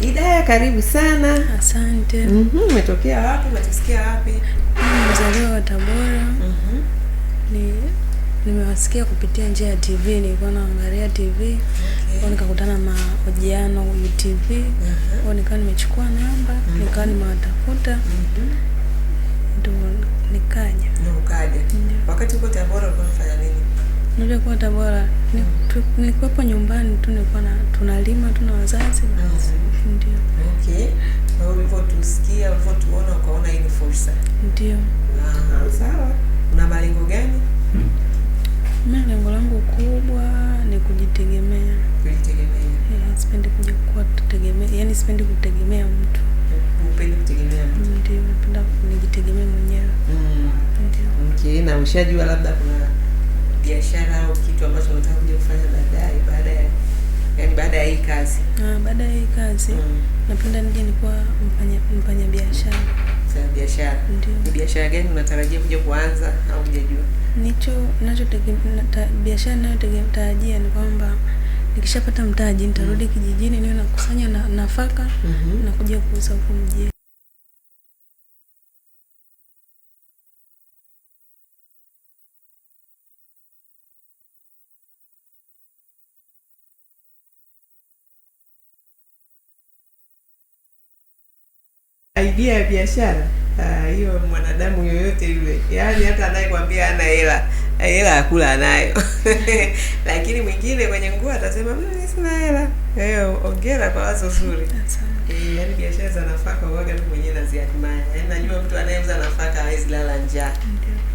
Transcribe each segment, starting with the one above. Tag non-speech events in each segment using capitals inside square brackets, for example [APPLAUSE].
Idaya, karibu sana. Asante. Mhm, umetokea mm -hmm. wapi? Unatusikia wapi? Mzaliwa wa Tabora. mm ni nimewasikia kupitia njia ya TV, nilikuwa naangalia TV okay. nikakutana mahojiano TV. Mhm. -huh. nikawa nimechukua namba mm -hmm. nikawa nimewatafuta Mhm. -huh. nikaja. Ndio ukaja. Wakati uko Tabora ulikuwa unafanya nini? Unajua kwa Tabora nikuwepo nyumbani tu, nilikuwa na tunalima tuna wazazi basi. Mm-hmm. Ndio. Okay. Kwa tusikia, ulivyotusikia, tuona ukaona hii ni fursa. Ndio. Ah, sawa. Una malengo gani? Mimi lengo langu kubwa ni kujitegemea. Kujitegemea. Eh, sipendi kuja kuwa tutegemea, yani sipendi kutegemea mtu. Upendi kutegemea mtu. Ndio, napenda kujitegemea mwenyewe. Mm. Ndio. Okay, na ushajua labda kuna biashara au kitu ambacho unataka kuja kufanya baadaye baada ya yani baada ya hii kazi? Ah, baada ya hii kazi mm. napenda nije nikuwa mfanya mfanya biashara. Mfanya biashara. Ni biashara gani unatarajia kuja kuanza au hujajua? Nicho ninachotegemea biashara nayo tegemtarajia ni kwamba nikishapata mtaji nitarudi mm. kijijini niwe nakusanya na, nafaka mm -hmm. na kuja kuuza huko mjini. idea ya biashara ah, hiyo uh, mwanadamu yoyote yule, yaani hata anayekwambia ana hela hela ya kula anayo [LAUGHS] lakini mwingine kwenye nguo atasema hmm, mimi sina hela. Hiyo eh, ongera kwa wazo zuri. Eh, yaani biashara za nafaka uwaga mtu mwenyewe naziatimani, yaani najua mtu anayeuza nafaka hawezi lala njaa.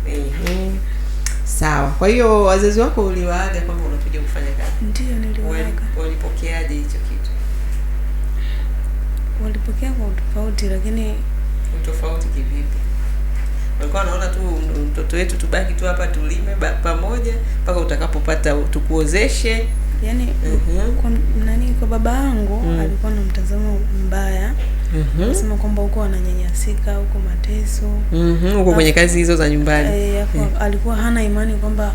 Mhm. sawa. Kwa hiyo wazazi wako uliwaaga kwamba unakuja kufanya kazi? Ndio, niliwaaga. Walipokeaje hicho kitu? walipokea kwa utofauti, lakini utofauti kivipi? Walikuwa wanaona tu mtoto wetu tubaki tu hapa tulime pamoja mpaka utakapopata tukuozeshe. Yani mhm. kwa nani, kwa baba yangu mm. alikuwa na mtazamo mbaya mhm. anasema kwamba huko wananyanyasika huko mateso, mhm, huko kwenye kazi hizo za nyumbani. Eh, mm. Alikuwa hana imani kwamba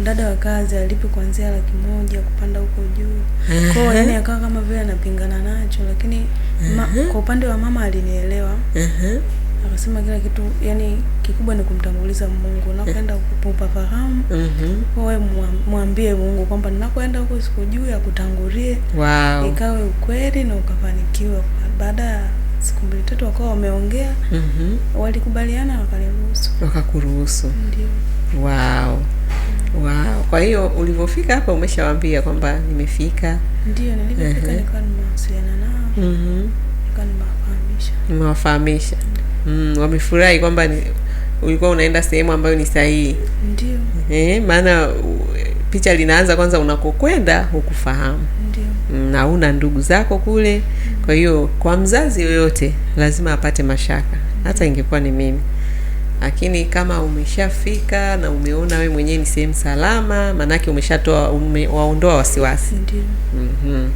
mdada wa kazi alipi kuanzia laki moja kupanda huko juu. Uh -huh. Kwa hiyo yani akawa kama vile anapingana nacho, lakini uh -huh. ma, kwa upande wa mama alinielewa. uh -huh. Akasema kila kitu yani kikubwa ni kumtanguliza Mungu, nakwenda kupafahamu uh -huh. mwambie Mungu kwamba ninakwenda huko sikujui, akutangulie wow. ikawe ukweli na ukafanikiwa. Baada ya siku mbili tatu wakawa wameongea. mm -hmm. Walikubaliana wakaniruhusu, wakakuruhusu. Ndio. Wow. Kwa hiyo ulivyofika hapa umeshawaambia kwamba nimefika? nilipofika nao. Mhm. nimewafahamisha. Mm, wamefurahi kwamba ulikuwa unaenda sehemu ambayo ni sahihi. Eh, maana picha linaanza kwanza unakokwenda hukufahamu. Ndiyo. Mm, na una ndugu zako kule. Mm. Kwa hiyo kwa mzazi yoyote lazima apate mashaka. Hata mm. ingekuwa ni mimi lakini kama umeshafika na umeona we mwenyewe ni sehemu salama, maanake umeshatoa ume, waondoa wasiwasi. Mm-hmm.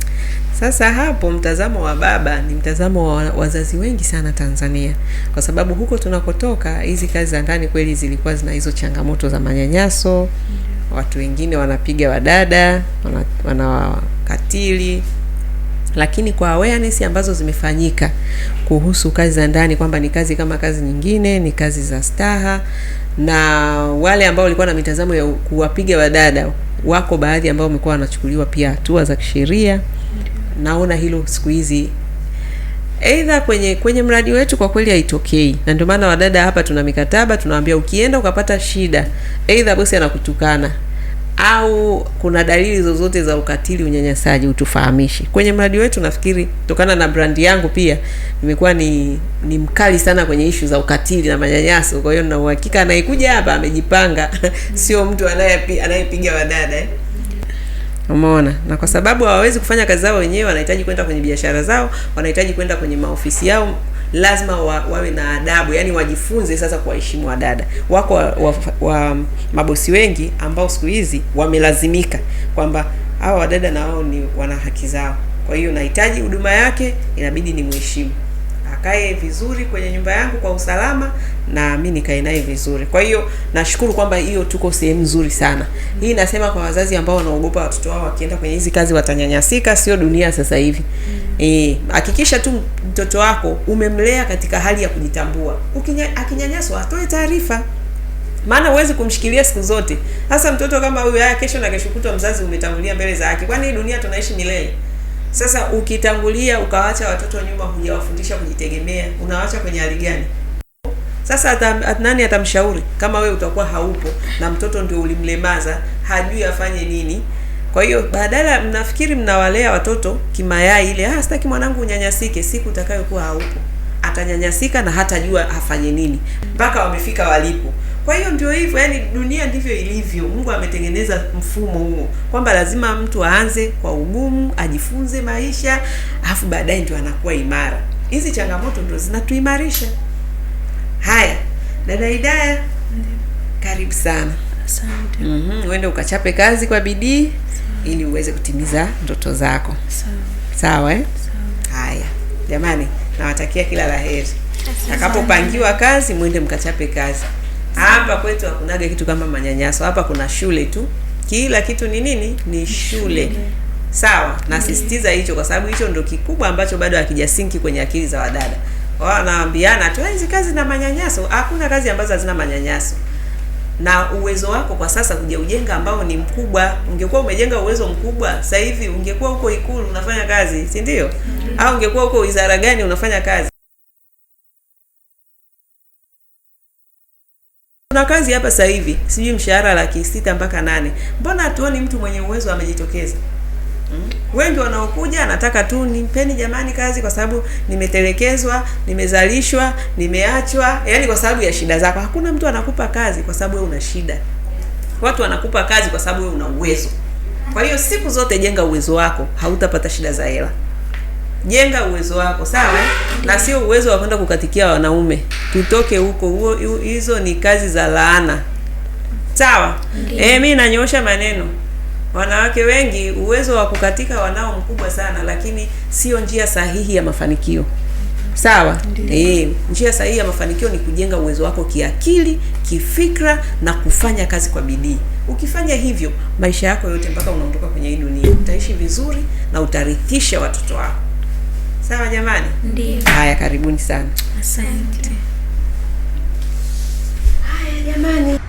Sasa hapo mtazamo wa baba ni mtazamo wa wazazi wengi sana Tanzania, kwa sababu huko tunakotoka hizi kazi za ndani kweli zilikuwa zina hizo changamoto za manyanyaso. Ndiyo. Watu wengine wanapiga wadada, wanawakatili, wana lakini kwa awareness ambazo zimefanyika kuhusu kazi za ndani kwamba ni kazi kama kazi nyingine, ni kazi za staha, na wale ambao walikuwa na mitazamo ya kuwapiga wadada, wako baadhi ambao wamekuwa wanachukuliwa pia hatua za kisheria. Naona hilo siku hizi aidha kwenye kwenye mradi wetu kwa kweli haitokei, na ndio maana wadada hapa tuna mikataba, tunawaambia ukienda ukapata shida, aidha bosi anakutukana au kuna dalili zozote za ukatili, unyanyasaji, utufahamishe kwenye mradi wetu. Nafikiri kutokana na brandi yangu pia nimekuwa ni, ni mkali sana kwenye ishu za ukatili na manyanyaso. Kwa hiyo nina uhakika anayekuja hapa amejipanga, [LAUGHS] sio mtu anayepiga wadada eh. Umeona, na kwa sababu hawawezi kufanya kazi zao wenyewe, wanahitaji kwenda kwenye biashara zao, wanahitaji kwenda kwenye maofisi yao lazima wa, wawe na adabu, yani wajifunze sasa kuwaheshimu wadada wako wa, wa, wa mabosi wengi ambao siku hizi wamelazimika kwamba hawa wadada na wao ni wana haki zao, kwa hiyo nahitaji huduma yake, inabidi ni mheshimu akae vizuri kwenye nyumba yangu kwa usalama na mi nikae naye vizuri. Kwa hiyo nashukuru kwamba hiyo tuko sehemu nzuri sana. Hii nasema kwa wazazi ambao wanaogopa watoto wao wakienda kwenye hizi kazi watanyanyasika, sio dunia sasa hivi. Mm. Eh, hakikisha mm. e, tu mtoto wako umemlea katika hali ya kujitambua. Ukinya, akinyanyaswa atoe taarifa maana huwezi kumshikilia siku zote. Sasa mtoto kama huyu, haya kesho na kesho kutwa mzazi umetangulia mbele za haki. Kwani hii dunia tunaishi milele? Sasa ukitangulia ukawacha watoto nyuma, hujawafundisha kujitegemea, unawacha kwenye hali gani? mm. Sasa atam, nani atamshauri kama we utakuwa haupo na mtoto ndio ulimlemaza, hajui afanye nini? Kwa hiyo badala mnafikiri mnawalea watoto kimayai, ile ah, sitaki mwanangu unyanyasike, siku utakayokuwa haupo atanyanyasika na hatajua afanye nini mpaka wamefika walipo. Kwa hiyo ndio hivyo, yani dunia ndivyo ilivyo. Mungu ametengeneza mfumo huo kwamba lazima mtu aanze kwa ugumu, ajifunze maisha, afu baadaye ndio anakuwa imara. Hizi changamoto ndio zinatuimarisha. Haya, dada Idaya, karibu sana. Asante. Mm-hmm. Uende ukachape kazi kwa bidii ili uweze kutimiza ndoto zako. Sawa. Sawa, eh? Sawa. Haya. Jamani, nawatakia kila la heri. Takapopangiwa kazi mwende mkachape kazi. Hapa kwetu hakunaga kitu kama manyanyaso. Hapa kuna shule tu. Kila kitu ni nini? Ni shule. Sawa, nasisitiza hicho kwa sababu hicho ndo kikubwa ambacho bado hakijasinki kwenye akili za wadada wanaambiana tu hizi kazi na manyanyaso. Hakuna kazi ambazo hazina manyanyaso, na uwezo wako kwa sasa kujaujenga ambao ni mkubwa. Ungekuwa umejenga uwezo mkubwa sasa hivi ungekuwa huko Ikulu unafanya kazi, si ndio? mm -hmm. au ungekuwa huko wizara gani unafanya kazi Kuna kazi hapa sasa hivi, sijui mshahara laki sita mpaka nane. Mbona hatuoni mtu mwenye uwezo amejitokeza? wengi wanaokuja nataka tu nimpeni jamani kazi, kwa sababu nimetelekezwa, nimezalishwa, nimeachwa, yaani kwa sababu ya shida zako. Hakuna mtu anakupa kazi kwa sababu wewe una shida. Watu wanakupa kazi kwa sababu wewe una uwezo. Kwa hiyo siku zote jenga uwezo wako, hautapata shida za hela. Jenga uwezo wako sawa, eh? na sio uwezo wa kwenda kukatikia wanaume. Tutoke huko, hizo ni kazi za laana. Sawa, eh, mimi nanyoosha maneno wanawake wengi uwezo wa kukatika wanao mkubwa sana, lakini sio njia sahihi ya mafanikio. Sawa. eh, njia sahihi ya mafanikio ni kujenga uwezo wako kiakili, kifikra na kufanya kazi kwa bidii. Ukifanya hivyo, maisha yako yote mpaka unaondoka kwenye hii dunia utaishi vizuri na utarithisha watoto wako. Sawa jamani? Ndiyo. Haya, karibuni sana. Asante. Haya jamani.